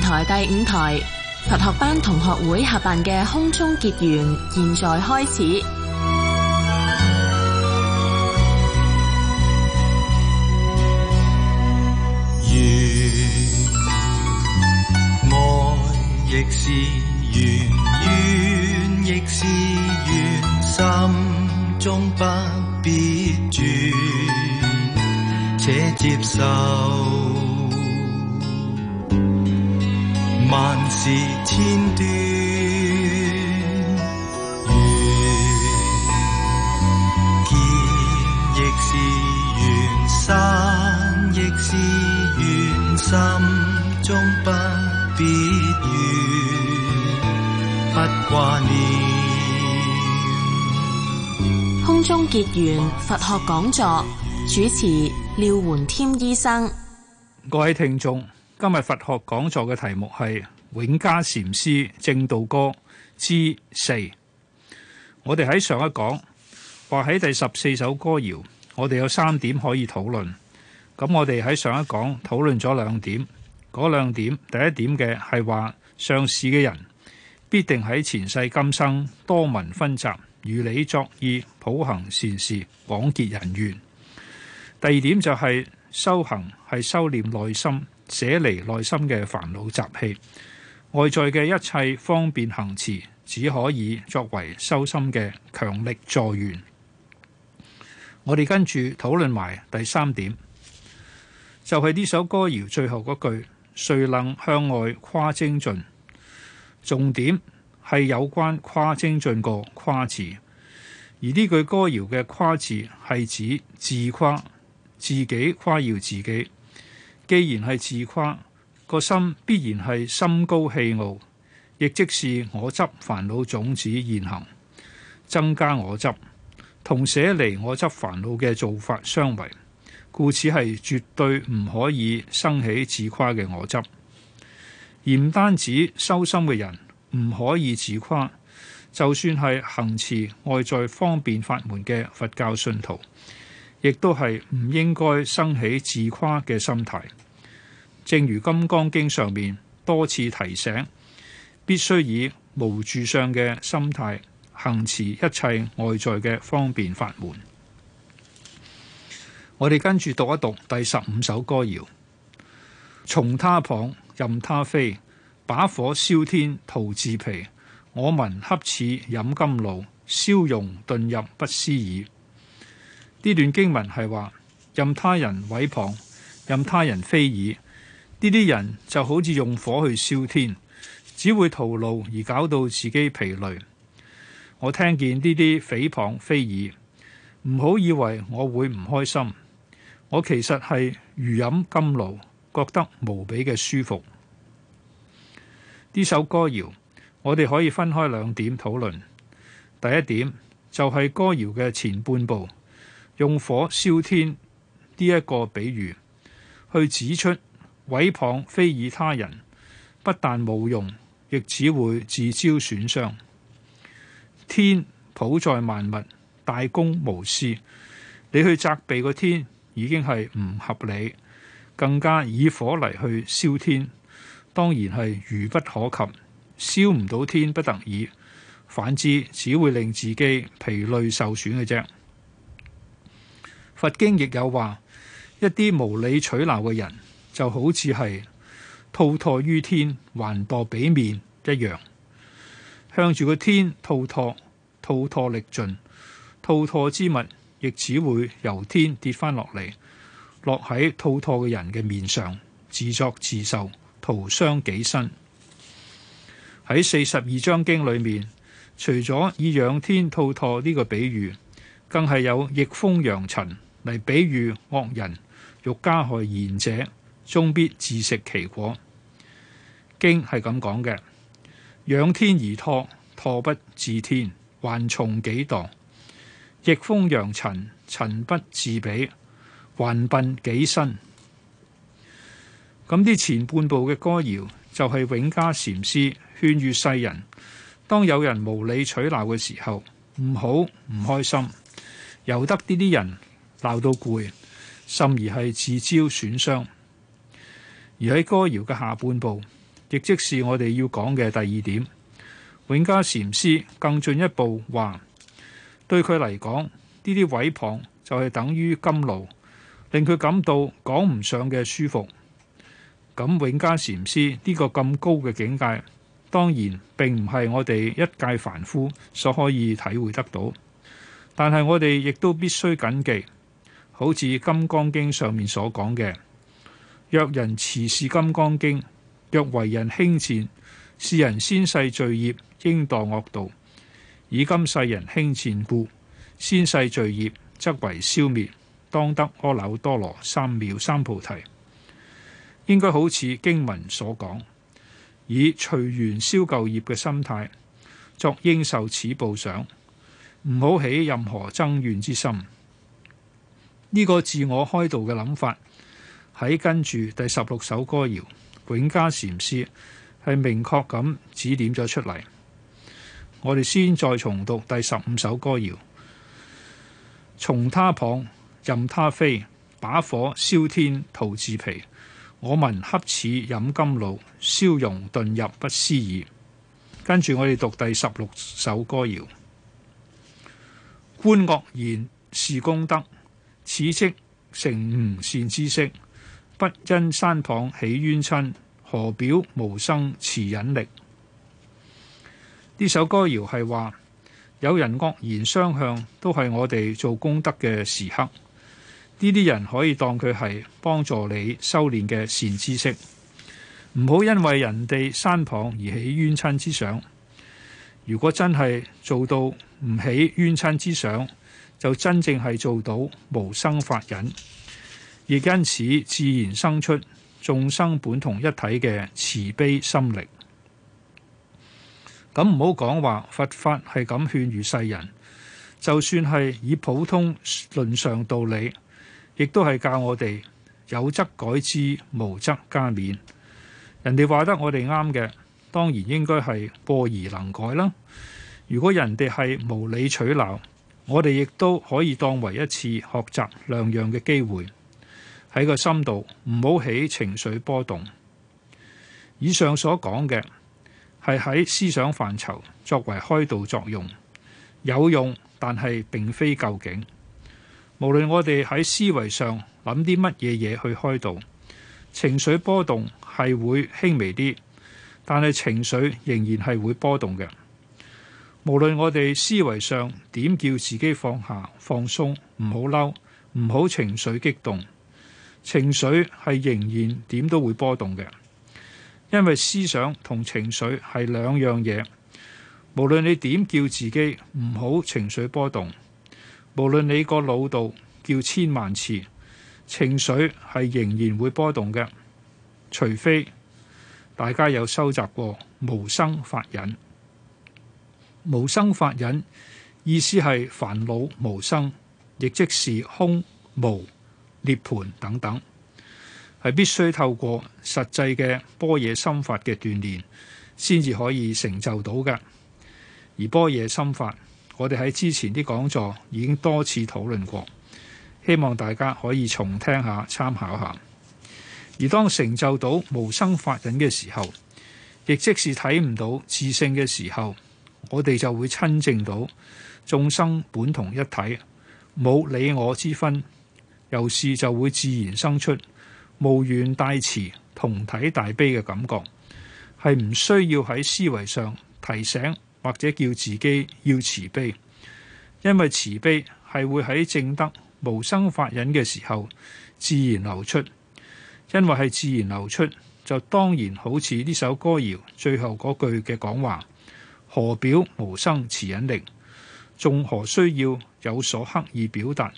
台第五台佛學班同學會合辦嘅空中結緣，現在開始。結緣佛學講座主持廖垣添醫生，各位聽眾，今日佛學講座嘅題目係《永嘉禪師證道歌》之四。我哋喺上一講，話喺第十四首歌謠，我哋有三點可以討論。咁我哋喺上一講討論咗兩點，嗰兩點第一點嘅係話，上士嘅人必定喺前世今生多聞分集。如理作意，普行善事，廣結人緣。第二點就係、是、修行，係修煉內心，捨離內心嘅煩惱習氣，外在嘅一切方便行持，只可以作為修心嘅強力助緣。我哋跟住討論埋第三點，就係、是、呢首歌謠最後嗰句：誰能向外誇精進。重點。係有關誇精進個誇字，而呢句歌謠嘅誇字係指自誇，自己誇耀自己。既然係自誇，個心必然係心高氣傲，亦即是我執煩惱種子現行，增加我執，同捨離我執煩惱嘅做法相違，故此係絕對唔可以生起自誇嘅我執，而唔單止修心嘅人。唔可以自誇，就算係行持外在方便法門嘅佛教信徒，亦都係唔應該生起自誇嘅心態。正如《金剛經》上面多次提醒，必須以無住相嘅心態行持一切外在嘅方便法門。我哋跟住讀一讀第十五首歌謠：從他旁任他非。把火燒天徒自疲，我聞恰似飲甘露，燒融頓入不思議。呢段經文係話任他人毀謗，任他人非議，呢啲人就好似用火去燒天，只會徒勞而搞到自己疲累。我聽見呢啲毀謗非議，唔好以為我會唔開心，我其實係如飲甘露，覺得無比嘅舒服。呢首歌謠，我哋可以分開兩點討論。第一點就係、是、歌謠嘅前半部，用火燒天呢一、這個比喻，去指出毀謗非議他人不但無用，亦只會自招損傷。天普在萬物，大公無私，你去責備個天已經係唔合理，更加以火嚟，去燒天。當然係愚不可及，燒唔到天，不得已，反之只會令自己疲累受損嘅啫。佛經亦有話，一啲無理取鬧嘅人就好似係吐唾於天，還墮俾面一樣，向住個天吐唾，吐唾力盡，吐唾之物亦只會由天跌返落嚟，落喺吐唾嘅人嘅面上，自作自受。徒傷己身。喺四十二章經裏面，除咗以仰天吐唾呢個比喻，更係有逆風揚塵嚟比喻惡人欲加害賢者，終必自食其果。經係咁講嘅：仰天而唾，唾不自天，還從己墮；逆風揚塵，塵不自彼，還笨己身。咁啲前半部嘅歌謠就係永嘉禪師勸喻世人，當有人無理取鬧嘅時候，唔好唔開心，由得呢啲人鬧到攰，甚而係自招損傷。而喺歌謠嘅下半部，亦即係我哋要講嘅第二點，永嘉禪師更進一步話，對佢嚟講，呢啲毀謗就係等於甘露，令佢感到講唔上嘅舒服。咁、嗯、永嘉禪師呢，這個咁高嘅境界，當然並唔係我哋一介凡夫所可以體會得到。但係我哋亦都必須謹記，好似《金剛經》上面所講嘅：若人持是《金剛經》，若為人輕賤，是人先世罪孽應墮惡道。以今世人輕賤故，先世罪孽則為消滅，當得阿耨多羅三藐三菩提。應該好似經文所講，以隨緣消舊業嘅心態作應受此報想，唔好起任何爭怨之心。呢、這個自我開導嘅諗法喺跟住第十六首歌謠，永嘉禪師係明確咁指點咗出嚟。我哋先再重讀第十五首歌謠，從他謗任他非，把火燒天，徒自疲。我聞恰似飲甘露，消融頓入不思議。跟住我哋讀第十六首歌謠：觀惡言是功德，此即成吾善知識。不因訕謗起冤親，何表無生慈忍力？呢首歌謠係話，有人惡言相向，都係我哋做功德嘅時刻。呢啲人可以當佢係幫助你修練嘅善知識，唔好因為人哋山旁而起冤親之想。如果真係做到唔起冤親之想，就真正係做到無生法忍，亦因此自然生出眾生本同一體嘅慈悲心力。咁唔好講話佛法係咁勸喻世人，就算係以普通倫常道理。亦都係教我哋有則改之，無則加勉。人哋話得我哋啱嘅，當然應該係過而能改啦。如果人哋係無理取鬧，我哋亦都可以當為一次學習量樣嘅機會。喺個心度唔好起情緒波動。以上所講嘅係喺思想範疇作為開導作用，有用，但係並非究竟。無論我哋喺思維上諗啲乜嘢嘢去開導，情緒波動係會輕微啲，但係情緒仍然係會波動嘅。無論我哋思維上點叫自己放下、放鬆，唔好嬲，唔好情緒激動，情緒係仍然點都會波動嘅。因為思想同情緒係兩樣嘢，無論你點叫自己唔好情緒波動。無論你個腦度叫千萬次，情緒係仍然會波動嘅，除非大家有收集過無生法忍。無生法忍意思係煩惱無生，亦即是空、無涅槃等等，係必須透過實際嘅般若心法嘅鍛煉，先至可以成就到嘅。而般若心法。我哋喺之前啲講座已經多次討論過，希望大家可以重聽下參考下。而當成就到無生法忍嘅時候，亦即是睇唔到自性嘅時候，我哋就會親證到眾生本同一體，冇你我之分。由是就會自然生出無緣大慈、同體大悲嘅感覺，係唔需要喺思維上提醒，或者叫自己要慈悲，因為慈悲係會喺正德無生法忍嘅時候自然流出，因為係自然流出，就當然好似呢首歌謠最後嗰句嘅講話：何表無生慈忍力？仲何需要有所刻意表達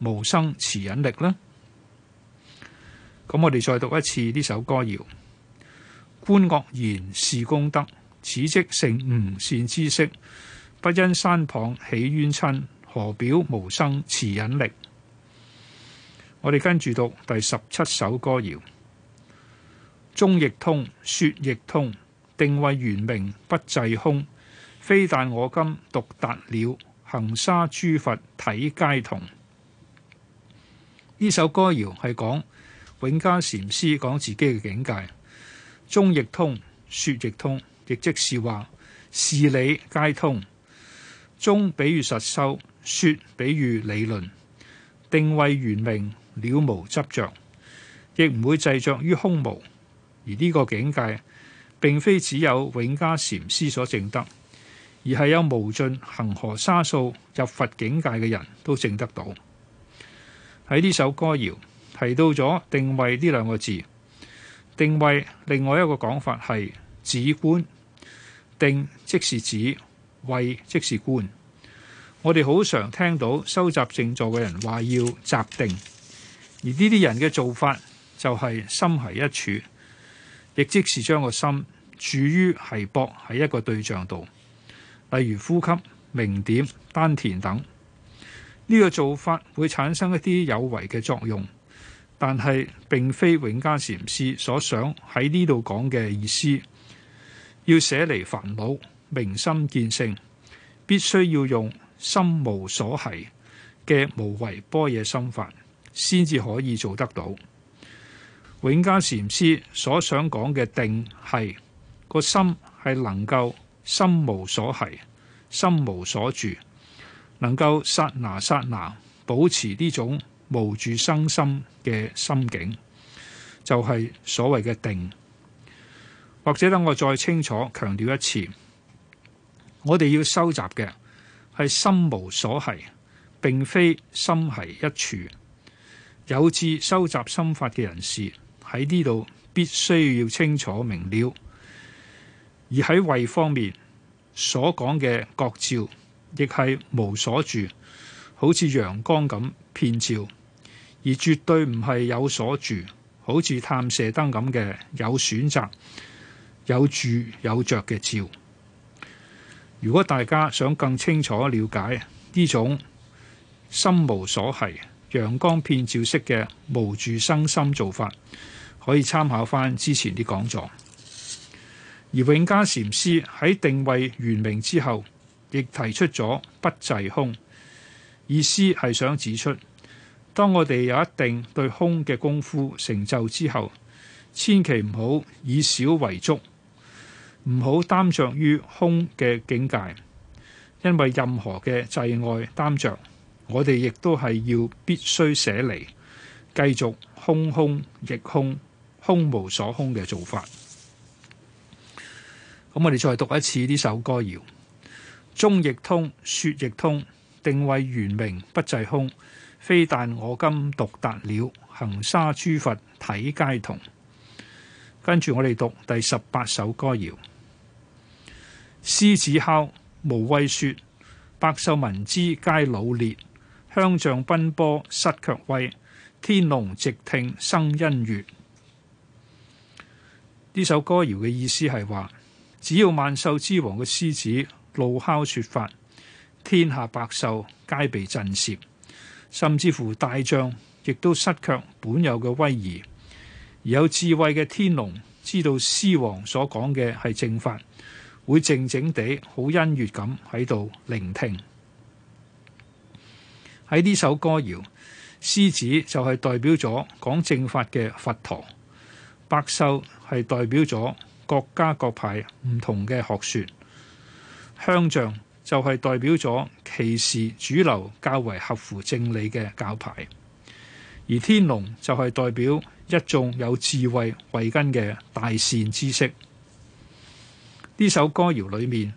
無生慈忍力呢？咁我哋再讀一次呢首歌謠：觀惡言是功德。此即成吾善知識，不因山傍起冤親，何表無生慈忍力？我哋跟住讀第十七首歌謠，宗亦通，說亦通，定位圓明不滯空。非但我今獨達了，行沙諸佛體皆同。呢首歌謠係講永嘉禪師講自己嘅境界，宗亦通，說亦通。亦即是話，事理皆通，宗比喻實修，說比喻理論，定慧圓明，了無執着，亦唔會滯著於空無。而呢個境界並非只有永嘉禪師所證得，而係有無盡恆河沙數入佛境界嘅人都證得到。喺呢首歌謠提到咗定慧呢兩個字，定慧另外一個講法係止觀。定即是止，慧即是觀。我哋好常聽到修習靜坐嘅人話要擇定，而呢啲人嘅做法就係心繫一處，亦即是將個心注於繫搏喺一個對象度，例如呼吸、明點、丹田等。呢、這個做法會產生一啲有為嘅作用，但係並非永嘉禪師所想喺呢度講嘅意思。要捨離煩惱，明心見性，必須要用心無所繫嘅無為般若心法，先至可以做得到。永嘉禪師所想講嘅定係個心係能夠心無所繫、心無所住，能夠剎那剎那保持呢種無住生心嘅心境，就係、是、所謂嘅定。或者等我再清楚強調一次，我哋要收集嘅係心無所繫，並非心繫一處。有志收集心法嘅人士喺呢度必須要清楚明瞭。而喺慧方面所講嘅覺照，亦係無所住，好似陽光咁遍照，而絕對唔係有所住，好似探射燈咁嘅有選擇。有住有着嘅照。如果大家想更清楚了解呢種心無所繫、陽光遍照式嘅無住生心做法，可以參考翻之前啲講座。而永嘉禪師喺定位圓明之後，亦提出咗不濟空，意思係想指出，當我哋有一定對空嘅功夫成就之後，千祈唔好以少為足。唔好耽著於空嘅境界，因為任何嘅制外耽著，我哋亦都係要必須捨離，繼續空空亦空，空無所空嘅做法。咁我哋再讀一次呢首歌謠。宗亦通，説亦通，定慧圓明不制空，非但我今獨達了，行沙諸佛體皆同。跟住我哋讀第十八首歌謠。獅子吼無畏說，百獸聞之皆腦裂，香象奔波失卻威，天龍寂聽生欣悅。呢首歌謠嘅意思係話，只要萬獸之王嘅獅子怒吼說法，天下百獸皆被震懾，甚至乎大將亦都失卻本有嘅威儀。而有智慧嘅天龍知道獅王所講嘅係正法。會靜靜地、好欣悅咁喺度聆聽。喺呢首歌謠，獅子就係代表咗講正法嘅佛陀，百獸係代表咗各家各派唔同嘅學說，香象就係代表咗歧視主流較為合乎正理嘅教派，而天龍就係代表一眾有智慧慧根嘅大善知識。呢首歌謠裏面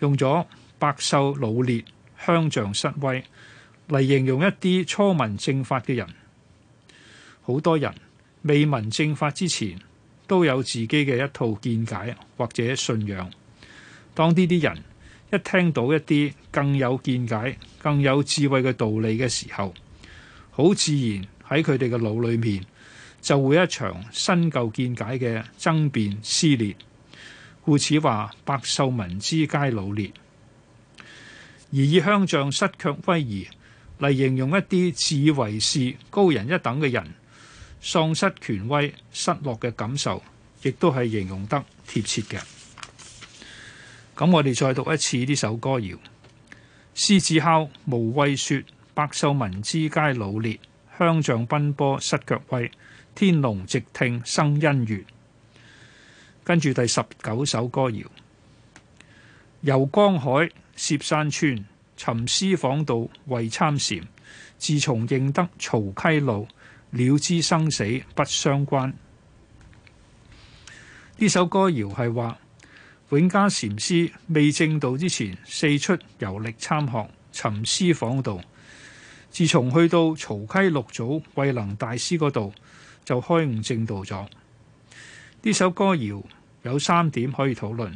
用咗百獸腦裂、香象失威嚟形容一啲初聞正法嘅人。好多人未聞正法之前都有自己嘅一套見解或者信仰。當呢啲人一聽到一啲更有見解、更有智慧嘅道理嘅時候，好自然喺佢哋嘅腦裏面就會一場新舊見解嘅爭辯撕裂。故此話百獸聞之皆老裂，而以香象失卻威儀嚟形容一啲自以為是高人一等嘅人，喪失權威失落嘅感受，亦都係形容得貼切嘅。咁我哋再讀一次呢首歌謠：獅子吼，無畏説；百獸聞之皆老裂，香象奔波失卻威，天龍直聽生恩怨。跟住第十九首歌謠，遊江海，涉山川，尋師訪道為參禪。自從認得曹溪路，了知生死不相關。呢首歌謠係話，永嘉禪師未證道之前，四出遊歷參學，尋師訪道。自從去到曹溪六祖慧能大師嗰度，就開悟證道咗。呢首歌謠。有三點可以討論。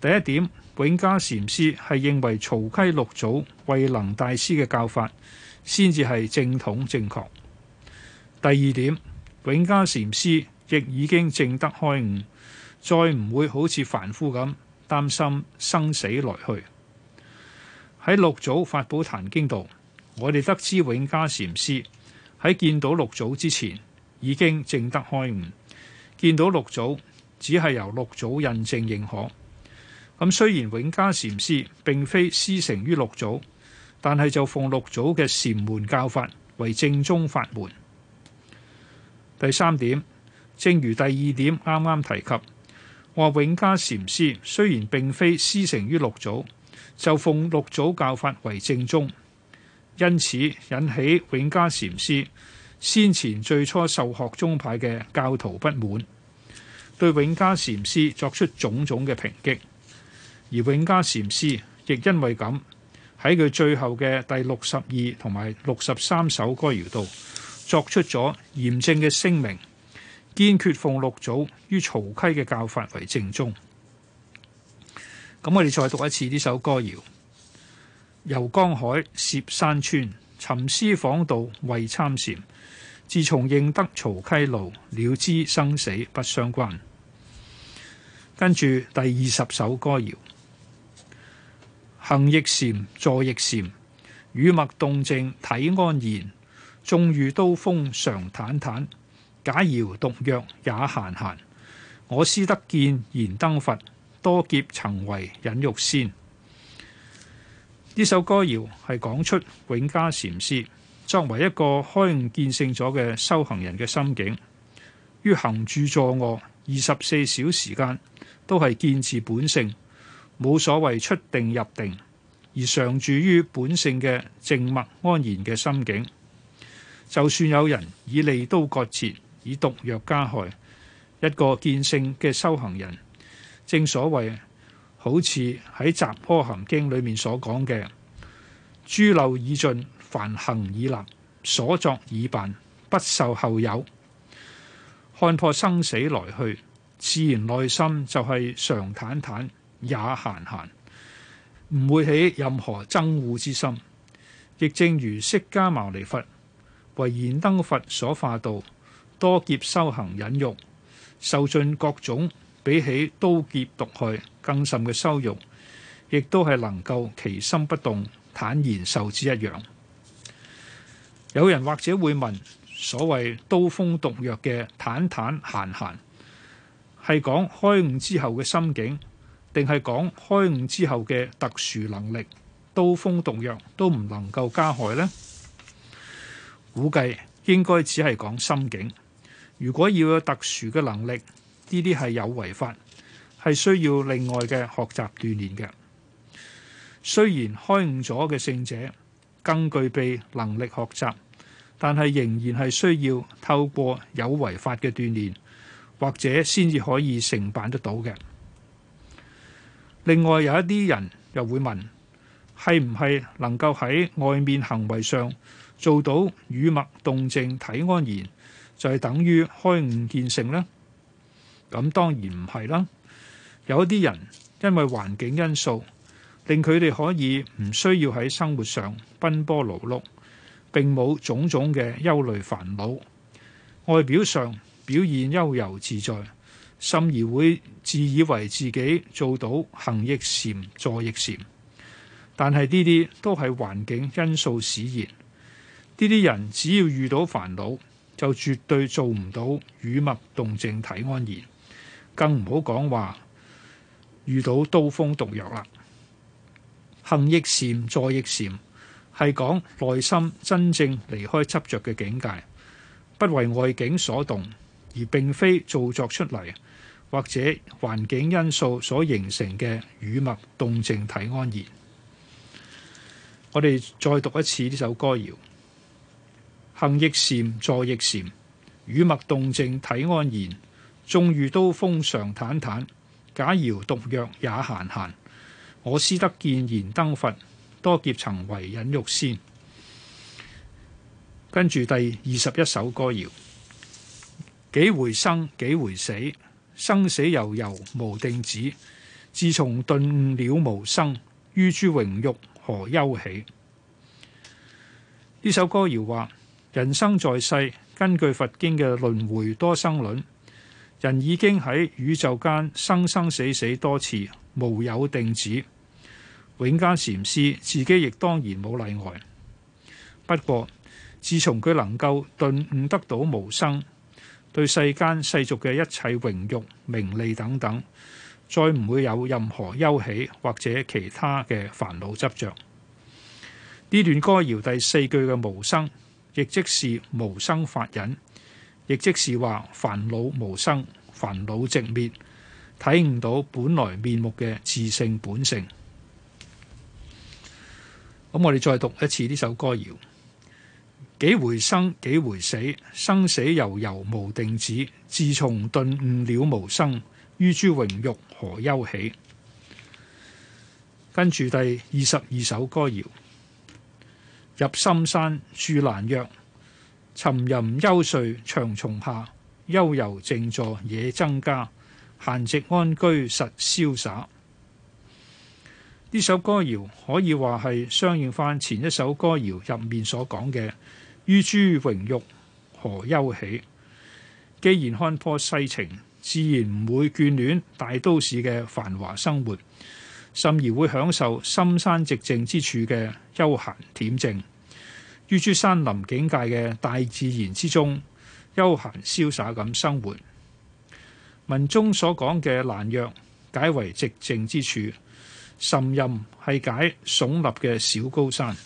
第一點，永嘉禪師係認為曹溪六祖慧能大師嘅教法先至係正統正確。第二點，永嘉禪師亦已經證得開悟，再唔會好似凡夫咁擔心生死來去。喺六祖法寶壇經度，我哋得知永嘉禪師喺見到六祖之前已經證得開悟，見到六祖。只係由六祖印證認可。咁雖然永嘉禪師並非師承於六祖，但係就奉六祖嘅禪門教法為正宗法門。第三點，正如第二點啱啱提及，話永嘉禪師雖然並非師承於六祖，就奉六祖教法為正宗，因此引起永嘉禪師先前最初受學宗派嘅教徒不滿。對永嘉禪師作出種種嘅抨擊，而永嘉禪師亦因為咁，喺佢最後嘅第六十二同埋六十三首歌謠度，作出咗嚴正嘅聲明，堅決奉六祖於曹溪嘅教法為正宗。咁我哋再讀一次呢首歌謠：遊江海，涉山川，尋師訪道為參禪。自從認得曹溪路，了知生死不相關。跟住第二十首歌謠，行亦禪，坐亦禪，語默動靜體安然。縱遇刀鋒常坦坦，假饒毒藥也閒閒。我師得見燃燈佛，多劫曾為忍辱仙。呢首歌謠係講出永嘉禪師作為一個開悟見性咗嘅修行人嘅心境，於行住坐臥二十四小時間，都係堅持本性，冇所謂出定入定，而常住於本性嘅靜默安然嘅心境。就算有人以利刀割切，以毒藥加害一個見性嘅修行人，正所謂好似喺《雜阿含經》裏面所講嘅：諸漏已盡，梵行已立，所作已辦，不受後有。看破生死來去。自然內心就係常坦坦也閒閒，唔會起任何憎惡之心。亦正如釋迦牟尼佛為燃燈佛所化度，多劫修行忍辱，受盡各種比起刀劫毒害更甚嘅羞辱，亦都係能夠其心不動，坦然受之一樣。有人或者會問：所謂刀鋒毒藥嘅坦坦閒閒，係講開悟之後嘅心境，定係講開悟之後嘅特殊能力？刀鋒毒藥都唔能夠加害呢？估計應該只係講心境。如果要有特殊嘅能力，呢啲係有違法，係需要另外嘅學習鍛煉嘅。雖然開悟咗嘅聖者更具備能力學習，但係仍然係需要透過有違法嘅鍛煉。或者先至可以承辦得到嘅。另外有一啲人又會問：係唔係能夠喺外面行為上做到語默動靜體安然，就係等於開悟見性呢？咁當然唔係啦。有一啲人因為環境因素，令佢哋可以唔需要喺生活上奔波勞碌，並冇種種嘅憂慮煩惱，外表上。表現悠游自在，甚而會自以為自己做到行亦禪，坐亦禪。但係呢啲都係環境因素使然。呢啲人只要遇到煩惱，就絕對做唔到語默動靜體安然，更唔好講話遇到刀鋒毒藥啦。行亦禪，坐亦禪，係講內心真正離開執着嘅境界，不為外境所動。而並非造作出嚟，或者環境因素所形成嘅語默動靜體安然。我哋再讀一次呢首歌謠：行亦禪，坐亦禪，語默動靜體安然。縱遇刀鋒常坦坦，假饒毒藥也閒閒。我師得見燃燈佛，多劫曾為忍辱仙。跟住第二十一首歌謠。幾回生，幾回死，生死悠悠，無定止。自從頓悟了無生，於諸榮辱何憂喜？呢首歌謠話：人生在世，根據佛經嘅輪回多生論，人已經喺宇宙間生生死死多次，無有定止。永嘉禪師自己亦當然冇例外。不過自從佢能夠頓悟得到無生。對世間世俗嘅一切榮辱名利等等，再唔會有任何憂喜或者其他嘅煩惱執着。呢段歌謠第四句嘅無生，亦即是無生法忍，亦即是話煩惱無生，煩惱寂滅，睇唔到本來面目嘅自性本性。咁我哋再讀一次呢首歌謠。幾回生，幾回死，生死悠悠無定止。自從頓悟了無生，於諸榮辱何憂喜？跟住第二十二首歌謠，入深山住蘭若，岑崟幽邃長松下，悠游靜坐野僧加，閒寂安居實瀟灑。呢首歌謠可以話係相應翻前一首歌謠入面所講嘅。於諸榮辱何憂喜？既然看破世情，自然唔會眷戀大都市嘅繁華生活，甚而會享受深山寂靜之處嘅悠閒恬靜。於諸山林境界嘅大自然之中，悠閒瀟灑咁生活。文中所講嘅蘭若解為寂靜之處，岑崟係解聳立嘅小高山。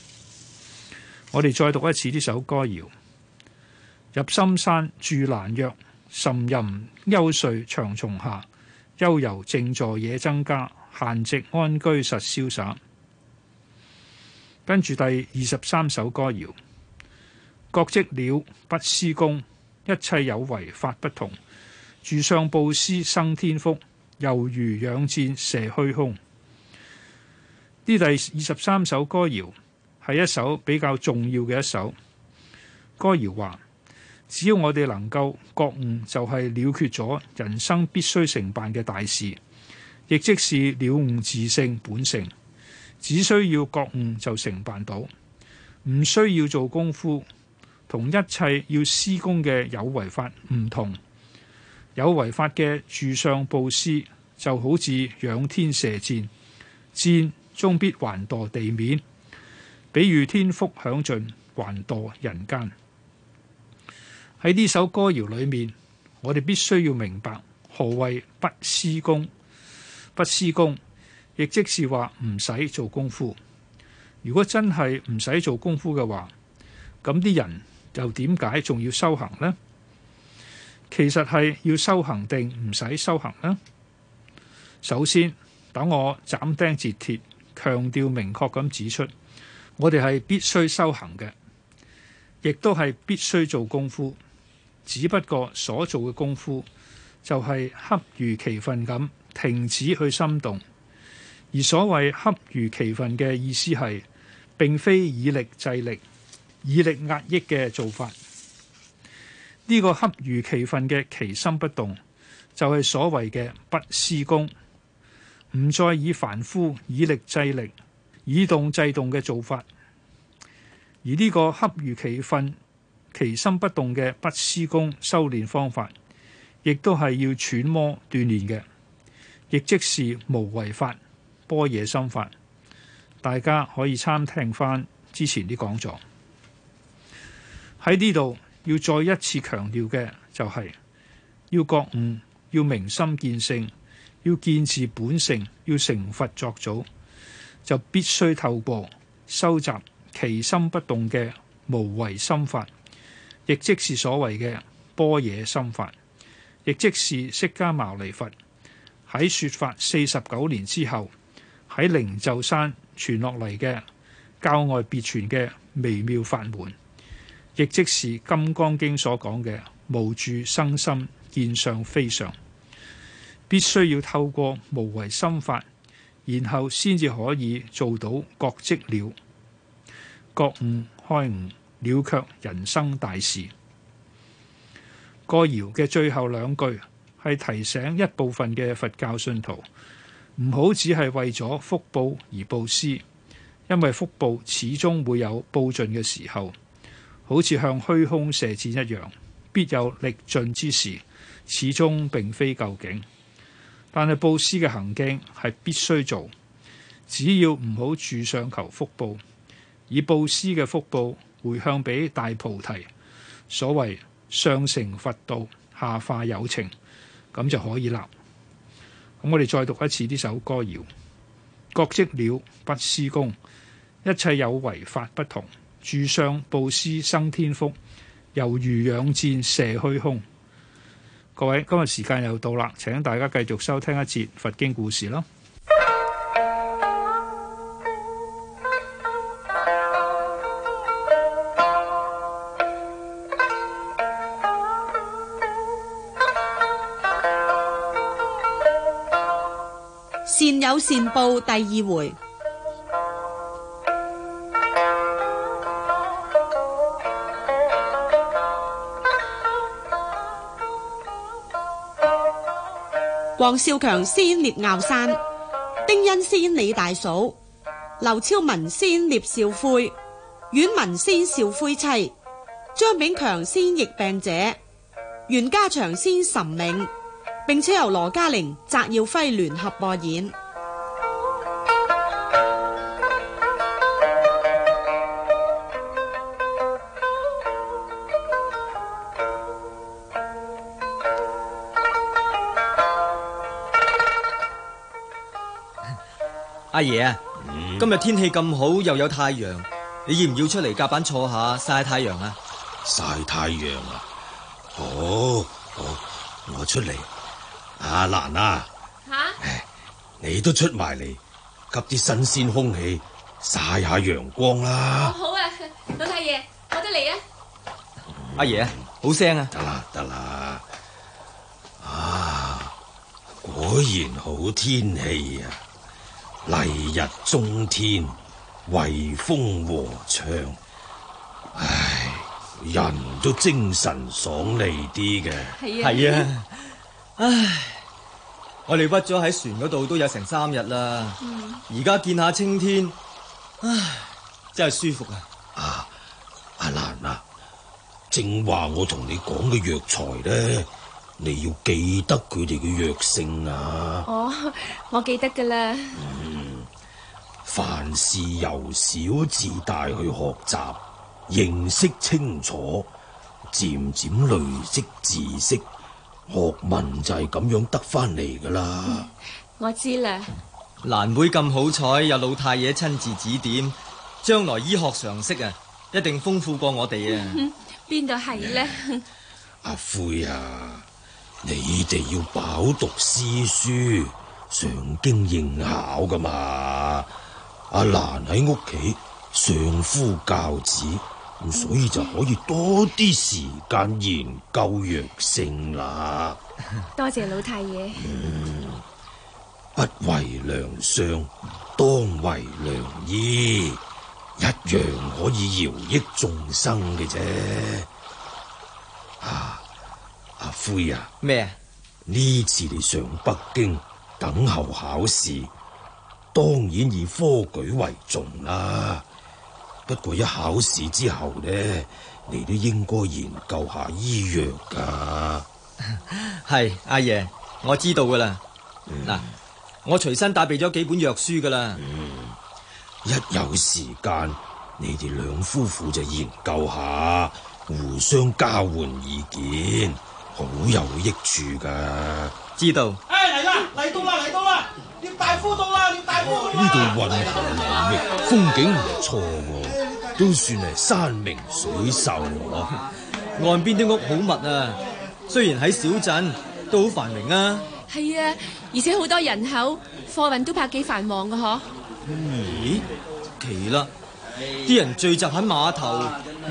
我哋再讀一次呢首歌謠：入深山住蘭若，沉吟幽邃長松下，悠游靜坐野增加，閒寂安居實瀟灑。跟住第二十三首歌謠：覺即了不施功，一切有為法不同。住上布施生天福，猶如仰箭射虛空。呢第二十三首歌謠。係一首比較重要嘅一首歌謠話，只要我哋能夠覺悟，就係了決咗人生必須成辦嘅大事，亦即是了悟自性本性。只需要覺悟就成辦到，唔需要做功夫，同一切要施工嘅有為法唔同。有為法嘅住相布施就好似仰天射箭，箭終必還墮地面。比喻天福享盡，還墮人間。喺呢首歌謠裏面，我哋必須要明白何謂不施功，不施功，亦即是話唔使做功夫。如果真係唔使做功夫嘅話，咁啲人又點解仲要修行呢？其實係要修行定唔使修行呢？首先，等我斬釘截鐵、強調明確咁指出。我哋係必須修行嘅，亦都係必須做功夫，只不過所做嘅功夫就係恰如其分咁停止去心動。而所謂恰如其分嘅意思係，並非以力制力、以力壓抑嘅做法。呢、這個恰如其分嘅其心不動，就係、是、所謂嘅不施功，唔再以凡夫以力制力。以動制動嘅做法，而呢個恰如其分，其心不動嘅不思功修煉方法，亦都係要揣摩鍛煉嘅，亦即是無為法、般若心法。大家可以參聽翻之前啲講座。喺呢度要再一次強調嘅就係、是、要覺悟、要明心見性、要見自本性、要成佛作祖，就必須透過收集其心不動嘅無為心法，亦即是所謂嘅般若心法，亦即是釋迦牟尼佛喺說法四十九年之後喺靈鷲山傳落嚟嘅教外別傳嘅微妙法門，亦即是《金剛經》所講嘅無住生心、見相非相」。必須要透過無為心法。然後先至可以做到覺即了覺，悟開悟，了卻人生大事。歌謠嘅最後兩句係提醒一部分嘅佛教信徒，唔好只係為咗福報而布施，因為福報始終會有報盡嘅時候，好似向虛空射箭一樣，必有力盡之時，始終並非究竟。但係布施嘅行徑係必須做，只要唔好住相求福報，以布施嘅福報回向俾大菩提，所謂上成佛道，下化有情，咁就可以喇。咁我哋再讀一次呢首歌謠：，覺即了，不施功，一切有為法不同；住相布施生天福，猶如仰箭射虛空。各位，今日時間又到啦，請大家繼續收聽一次《佛經故事》咯。善有善報第二回。黃少強先聶鰲山，丁欣先李大嫂，劉超文先聶少輝，阮文先少輝妻，張炳強先疫病者，袁家祥先神明，並且由羅嘉玲、翟耀輝聯合播演。阿爺啊，嗯、今日天氣咁好，又有太陽，你要唔要出嚟夾板坐下曬太陽啊？曬太陽啊？好，好，我出嚟。阿蘭啊，吓、啊，你都出埋嚟，吸啲新鮮空氣，曬下陽光啦、啊哦。好啊，老太爺，我都嚟啊。嗯、阿爺啊，好聲啊。得啦得啦。啊，果然好天氣啊！麗日中天，惠風和暢。唉，人都精神爽利啲嘅。係啊，係 啊。唉，我哋屈咗喺船嗰度都有成三日啦。而家、嗯、見下青天，唉，真係舒服啊。啊，阿蘭啊，正、啊、話我同你講嘅藥材咧。你要記得佢哋嘅藥性啊！哦，oh, 我記得噶啦，嗯。凡事由小至大去學習，認識清楚，漸漸累積知識，學問就係咁樣得翻嚟噶啦。我知啦。蘭妹咁好彩，有老太爺親自指點，將來醫學常識啊，一定豐富過我哋啊。邊度係呢？阿灰 啊！你哋要飽讀詩書、常經應考噶嘛？阿蘭喺屋企相夫教子，咁、嗯、所以就可以多啲時間研究藥性啦。多謝老太爺、嗯。不為良相，當為良醫，一樣可以饒益眾生嘅啫。啊！阿灰啊，咩啊？呢次你上北京等候考試，當然以科舉為重啦。不過一考試之後呢，你都應該研究下醫藥噶。係阿爺，我知道噶啦。嗱，我隨身帶備咗幾本藥書噶啦。嗯，一有時間，你哋兩夫婦就研究下，互相交換意見。好有益處噶，知道？哎嚟啦，嚟到啦，嚟到啦！聶大夫到啦，聶大夫。呢度運河流域，風景唔錯。哦，都算係山明水秀。哦哎。岸邊啲屋好密啊，雖然喺小鎮，都好繁榮啊。係啊，而且好多人口，貨運都怕幾繁忙噶，嗬，咦？奇啦！啲人聚集喺碼頭，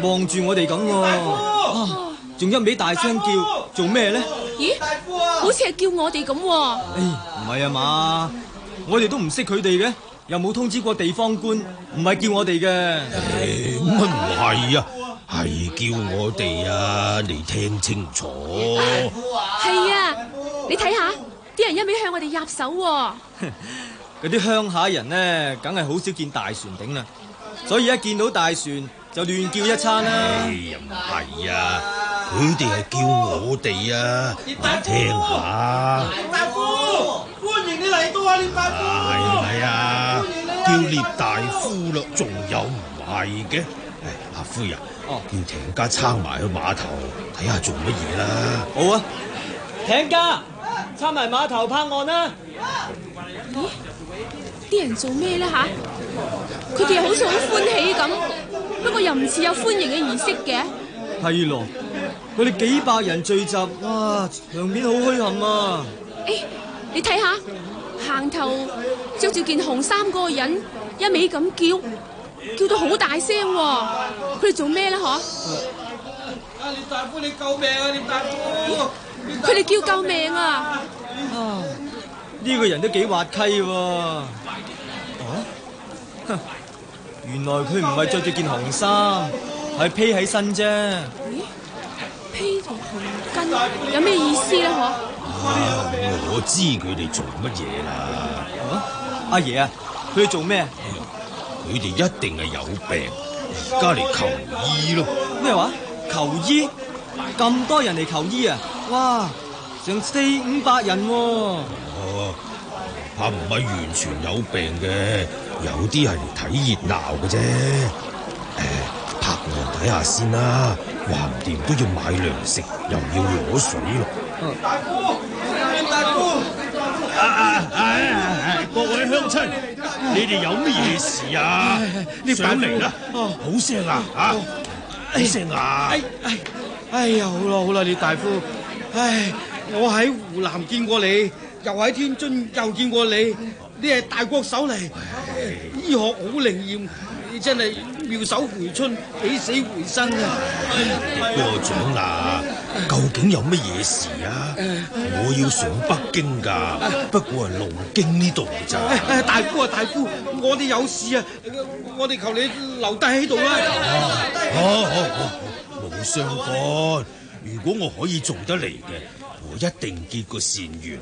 望住我哋咁。啊，仲，啊、一味大聲叫。做咩咧？咦，好似係叫我哋咁。唔係啊嘛，我哋都唔識佢哋嘅，又冇通知過地方官，唔係叫我哋嘅。乜唔係啊？係叫我哋啊！你聽清楚。係、哎、啊，你睇下，啲人一味向我哋入手啊。嗰啲鄉下人咧，梗係好少見大船頂啦，所以一見到大船就亂叫一餐啦。哎，唔係啊！哎佢哋係叫我哋啊，啊，聽下。聶大夫，歡迎你嚟到啊，聶大夫。係啊係啊，叫聶、啊啊、大夫咯，仲有唔係嘅？誒、哎，阿夫人啊，叫、哦、艇家撐埋去碼頭睇下做乜嘢啦。好啊，艇家撐埋碼頭拍岸啦、啊。咦，啲人做咩咧吓？佢、啊、哋好似好歡喜咁，不過又唔似有歡迎嘅儀式嘅。係咯。佢哋幾百人聚集，哇，場面好墟冚啊！誒，你睇下，行頭着住件紅衫嗰個人，一味咁叫，叫到好大聲喎！佢哋做咩咧？嗬？阿聶大哥，你救命啊！聶大哥，佢哋叫救命啊！啊，呢個人都幾滑稽喎！啊？原來佢唔係着住件紅衫，係披喺身啫。披咗紅巾有咩意思咧？嗬、啊！我知佢哋做乜嘢啦！阿爺啊，佢哋做咩？佢哋一定係有病，而家嚟求醫咯。咩話？求醫？咁多人嚟求醫啊？哇！成四五百人喎、啊。哦、啊，怕唔係完全有病嘅，有啲係嚟睇熱鬧嘅啫。誒、啊，拍我睇下先啦。橫掂都要買糧食，又要攞水咯。嗯，大夫，李大夫，啊啊啊！各位鄉親，你哋有咩事啊？你上嚟啦，好聲啊，吓，好聲啊！哎哎哎呀，好啦好啦，李大夫，唉，我喺湖南見過你，又喺天津又見過你，你係大國手嚟，醫學好靈驗，你真係。妙手回春，起死回生啊！你哋過獎啦， 究竟有乜嘢事啊？我要上北京噶， 不過係路經呢度咋？大夫啊，大夫，我哋有事啊，我哋求你留低喺度啦。好，好好好，冇相干。如果我可以做得嚟嘅，我一定結個善緣。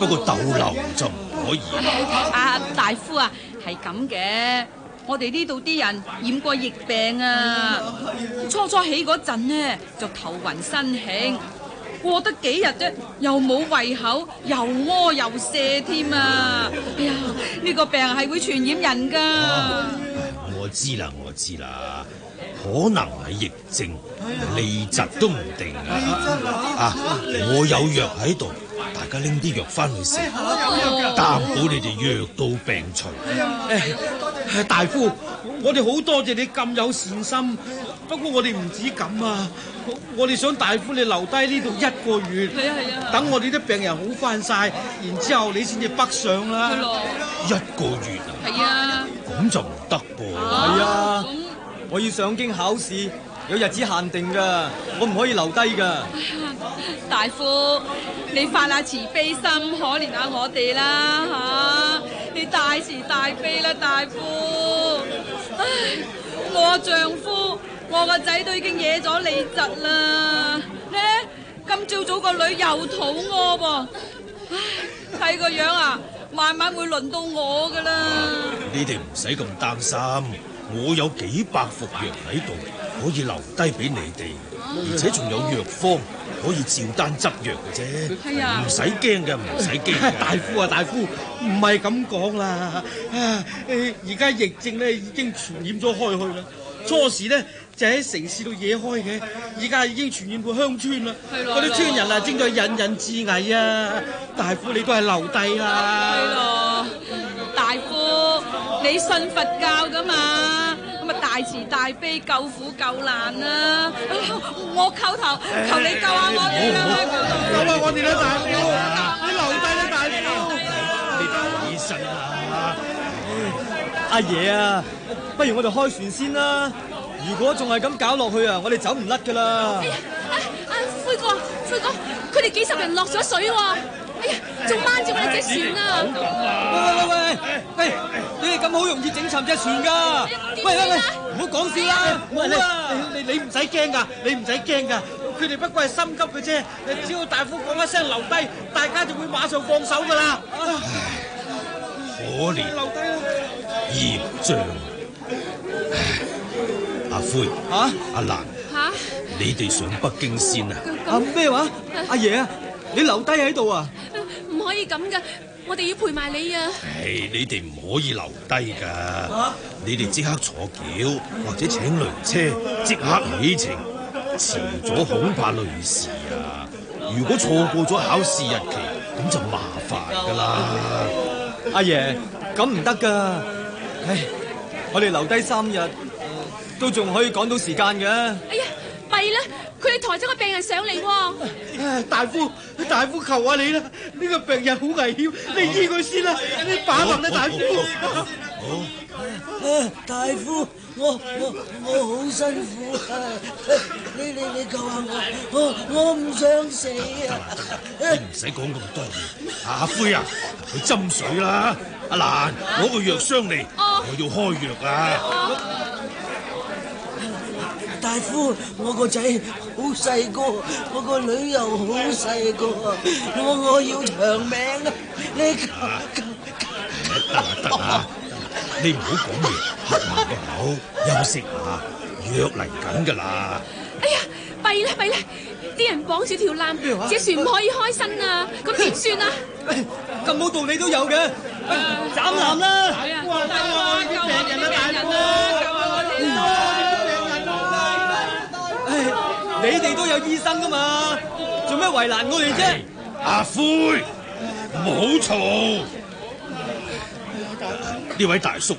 不過逗留就唔可以。阿大夫啊，係咁嘅。我哋呢度啲人染過疫病啊！初初起嗰陣呢，就頭暈身㷫，過得幾日啫又冇胃口，又屙又瀉添啊！哎呀，呢、呢個病係會傳染人噶。我知啦，我知啦，可能係疫症、痢疾都唔定啊！啊，我有藥喺度，大家拎啲藥翻去食，擔保、哎、你哋藥到病除。哎哎大夫，我哋好多謝你咁有善心，不過我哋唔止咁啊，我哋想大夫你留低呢度一個月，係啊係啊，等我哋啲病人好翻晒，然之後你先至北上啦，係啊一個月啊，係啊係啊，咁就唔得噃，係啊，我要上京考試。有日子限定噶，我唔可以留低噶。大夫，你發下慈悲心，可憐下我哋啦吓！你大慈大悲啦，大夫。唉，我丈夫，我個仔都已經惹咗痢疾啦。咧，今朝早個女又肚屙噃。唉，睇個樣啊，慢慢會輪到我噶啦。你哋唔使咁擔心，我有幾百服藥喺度。可以留低俾你哋，而且仲有藥方可以照單執藥嘅啫，唔使驚嘅，唔使驚。大夫啊，大夫，唔係咁講啦，而家疫症咧已經傳染咗開去啦，初時咧就喺城市度野開嘅，而家已經傳染過鄉村啦，嗰啲，啊、村人啊，啊正在人人自危啊，大夫你都係留低啦，啊，大夫你信佛教噶嘛？大慈大悲，救苦救難啊！我叩頭，求你救下我哋啦！救下我哋啦，大彪！你留低你大彪，你大醫生啊！阿爺啊，不如我哋開船先啦！如果仲係咁搞落去啊，我哋走唔甩噶啦！哎呀，阿灰哥，灰哥，佢哋幾十人落咗水喎！仲掹住我隻船啊！喂喂喂，哎，你哋咁好容易整沉隻船噶？喂喂喂，唔好講笑啦！我你你你唔使驚噶，你唔使驚噶，佢哋不過係心急嘅啫。只要大夫講一聲留低，大家就會馬上放手噶啦。可憐，留低，葉匠，阿灰，吓，阿蘭，吓，你哋上北京先啊！啊咩話？阿爺啊，你留低喺度啊！唔 可以咁噶，我哋要陪埋你啊！係、哎、你哋唔可以留低噶，你哋即刻坐轎或者請輪車即刻起程，遲咗恐怕累事啊！如果錯過咗考試日期，咁就麻煩噶啦！阿爺，咁唔得噶，唉，我哋留低三日都仲可以趕到時間嘅。哎呀！係啦，佢哋抬咗個病人上嚟喎。大夫，大夫求下你啦，呢個病人好危險，你醫佢先啦，你把脈啦，大夫。好。啊，大夫，我我我好辛苦啊，你你你救下我，我我唔想死啊。得啦得啦，唔使講咁多嘢。阿灰啊，去斟水啦。阿蘭，攞個藥箱嚟，我要開藥啊。大夫，我個仔好細個，我個女又好細個，我我要長命啊！呢個得啊得啊，你唔好講嘢，閉埋個口，休息下，約嚟緊噶啦。哎呀，弊啦弊啦，啲人綁住條纜，隻船唔可以開身啊！咁點算啊？咁冇道理都有嘅，斬纜啦！救命啊！救命啊！救命啊！救命啊！你哋都有醫生㗎嘛？做咩為難我哋啫？阿灰，唔好嘈！呢、 啊、位大叔，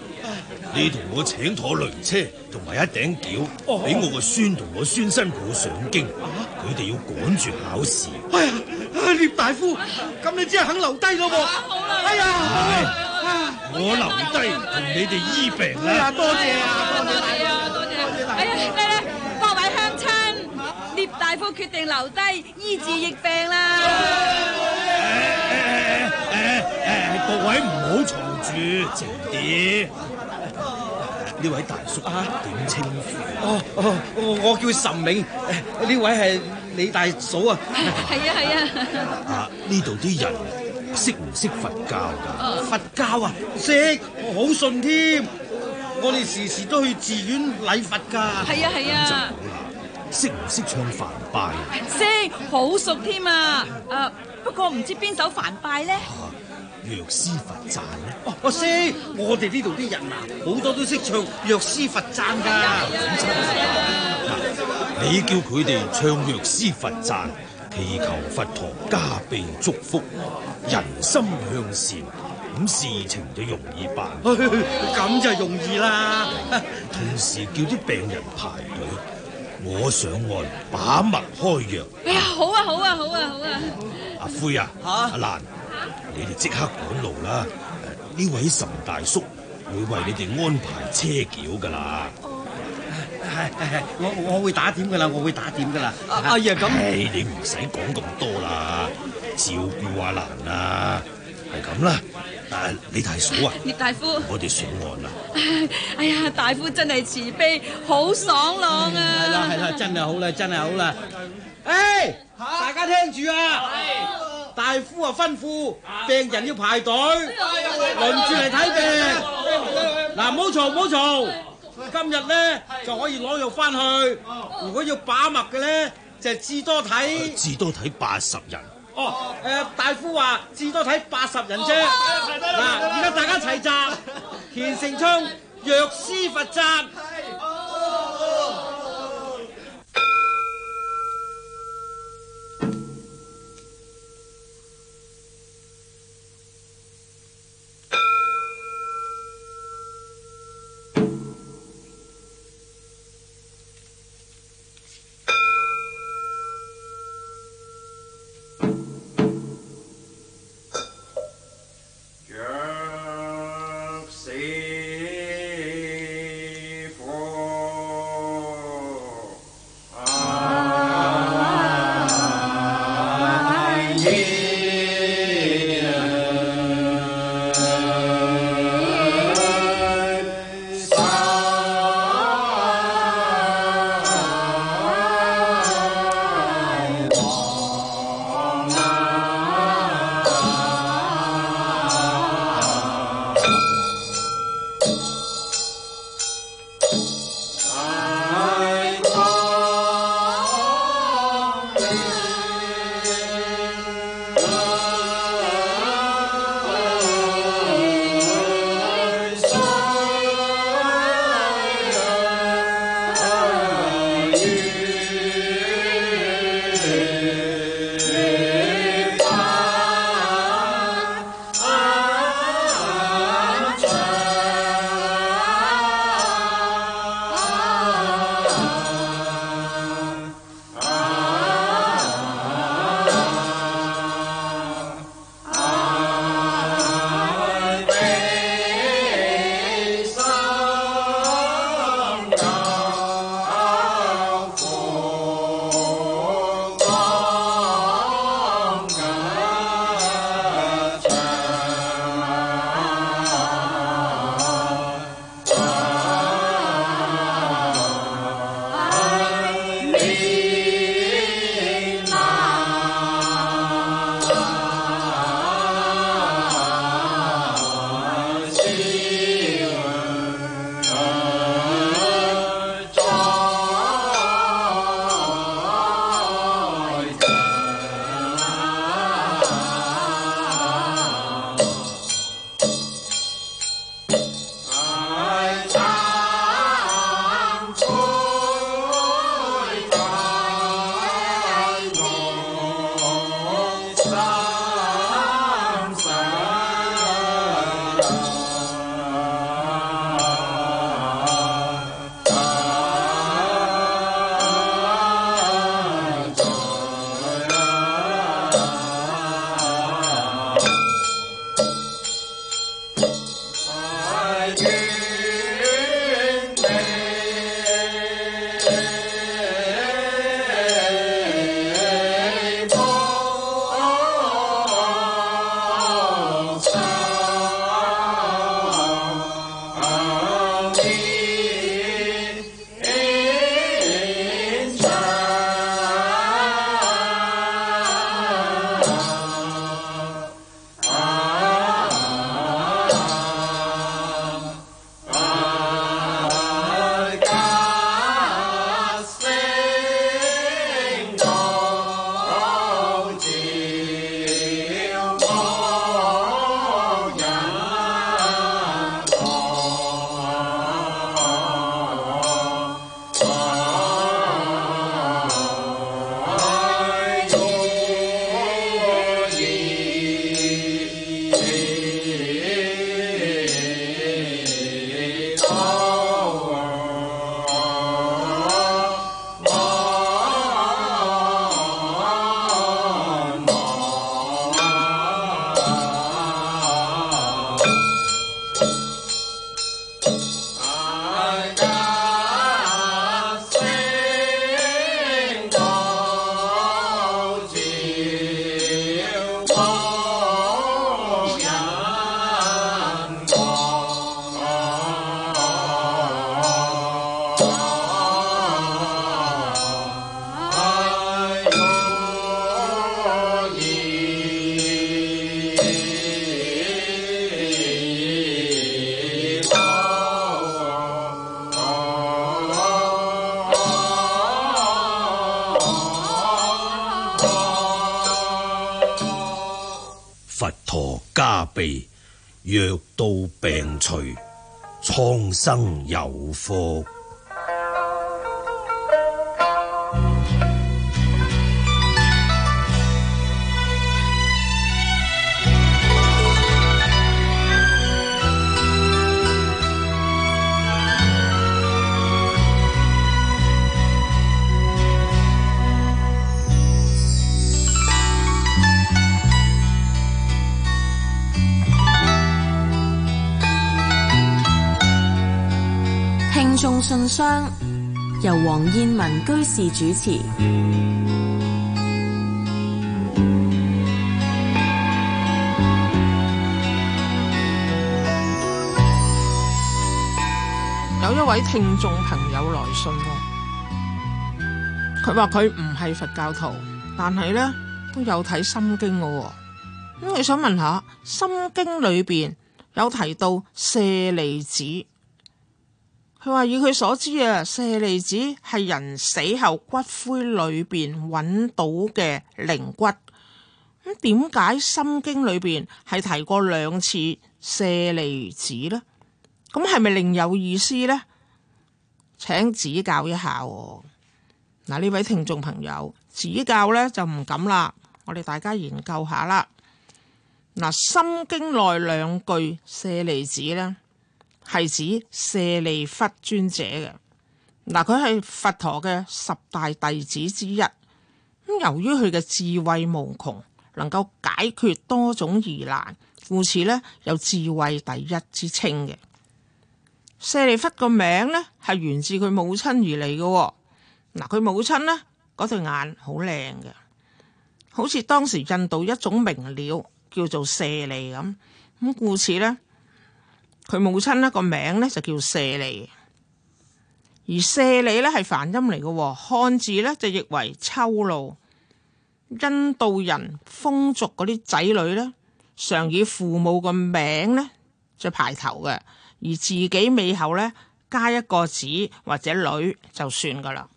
你同我請妥輪車同埋一頂轎，俾我個孫同我孫新抱上京，佢哋要趕住考試。哎呀，聶大夫，咁你只係肯留低咯噃？哎呀，我留低同你哋醫病啦！多謝啊！多謝啊！多謝！哎呀！決定留低醫治疫病啦！各位唔好嘈住，靜啲。呢位大叔啊，點稱呼？哦，我叫神明。呢位係李大嫂啊。係啊係啊。啊！呢度啲人識唔識佛教噶？佛教啊，識好信添。我哋時時都去寺院禮佛噶。係啊係啊。識唔識唱梵唄？識，好熟添啊！誒、啊，不過唔知邊首梵唄咧？藥師、啊、佛讚咧？哦、啊，識、啊，我哋呢度啲人啊，好多都識唱藥師佛讚噶。你叫佢哋唱藥師佛讚，祈求佛陀加被祝福，人心向善，咁事情就容易辦。咁就容易啦、啊。同時叫啲病人排隊。我上岸把脈開藥。哎呀、啊，好啊，好啊，好啊，好啊。阿灰啊，啊啊阿蘭蘭，啊、你哋即刻趕路啦！呢、啊、位岑大叔會為你哋安排車轎噶啦。係係係，我我會打點噶啦，我會打點噶啦。阿爺咁，你唔使講咁多啦，照顧阿蘭啦、啊。啊係咁啦，誒，李大嫂啊，聶大夫，我哋上岸啦。哎呀，大夫真係慈悲，好爽朗啊！係啦係啦，真係好啦，真係好啦。誒，大家聽住啊！大夫啊吩咐，病人要排隊，輪住嚟睇病。嗱，唔好嘈，唔好嘈，今日咧就可以攞藥翻去。如果要把脈嘅咧，就係至多睇，至多睇八十人。哦，誒、呃、大夫話至多睇八十人啫。嗱、哦，而家大家齊集，虔 成唱藥師佛讚。藥到病除，蒼生有福。由黃燕文居士主持。有一位聽眾朋友來信喎，佢話佢唔係佛教徒，但係呢都有睇《心經》噶喎。咁我想問下，《心經》裏邊有提到舍利子。佢話：以佢所知啊，舍利子係人死後骨灰裏邊揾到嘅靈骨。咁點解《心經》裏邊係提過兩次舍利子呢？咁係咪另有意思呢？請指教一下喎，哦。嗱，呢位聽眾朋友，指教呢，就唔敢啦。我哋大家研究下啦。嗱，《心經》內兩句舍利子呢。係指舍利弗尊者嘅，嗱佢係佛陀嘅十大弟子之一。由於佢嘅智慧無窮，能夠解決多種疑難，故此呢，有智慧第一之稱嘅。舍利弗個名呢，係源自佢母親而嚟嘅喎。嗱，佢母親呢，嗰對眼好靚嘅，好似當時印度一種名鳥叫做舍利咁。咁故此呢。佢母親一個名咧就叫舍利，而舍利咧係梵音嚟嘅，漢字咧就譯為秋露。印度人風俗嗰啲仔女咧，常以父母個名咧就排頭嘅，而自己尾後咧加一個子或者女就算噶啦。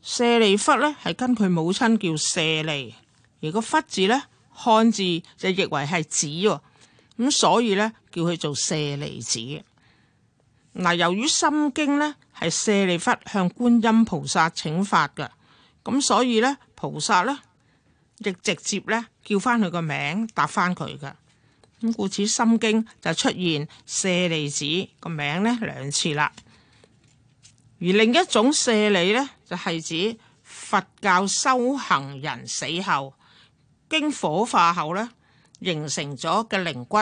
舍利弗咧係跟佢母親叫舍利，而個弗字咧漢字就譯為係子，咁所以咧。叫佢做舍利子嗱。由於《心經》咧係舍利弗向觀音菩薩請法噶，咁所以咧菩薩咧亦直接咧叫翻佢個名答翻佢噶。咁故此，《心經》就出現舍利子個名咧兩次啦。而另一種舍利咧，就係指佛教修行人死後經火化後咧形成咗嘅靈骨。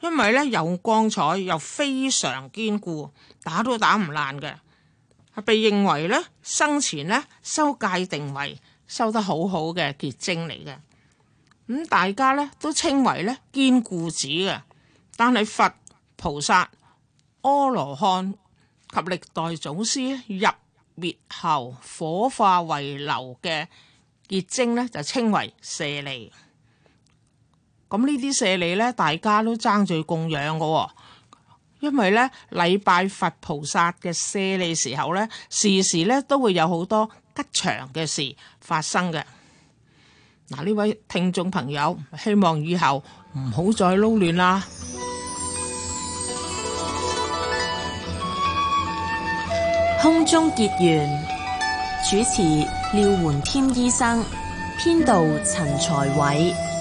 因為咧又光彩又非常堅固，打都打唔爛嘅，係被認為咧生前咧修戒定慧修得好好嘅結晶嚟嘅。咁大家咧都稱為咧堅固子嘅。但係佛菩薩、阿羅漢及歷代祖師入滅後火化遺留嘅結晶咧，就稱為舍利。咁呢啲舍利呢，大家都爭住供養噶、哦，因為呢禮拜佛菩薩嘅舍利時候呢，時時呢都會有好多吉祥嘅事發生嘅。嗱，呢位聽眾朋友，希望以後唔好再撈亂啦。空中結緣，主持廖垣添醫生，編導陳才偉。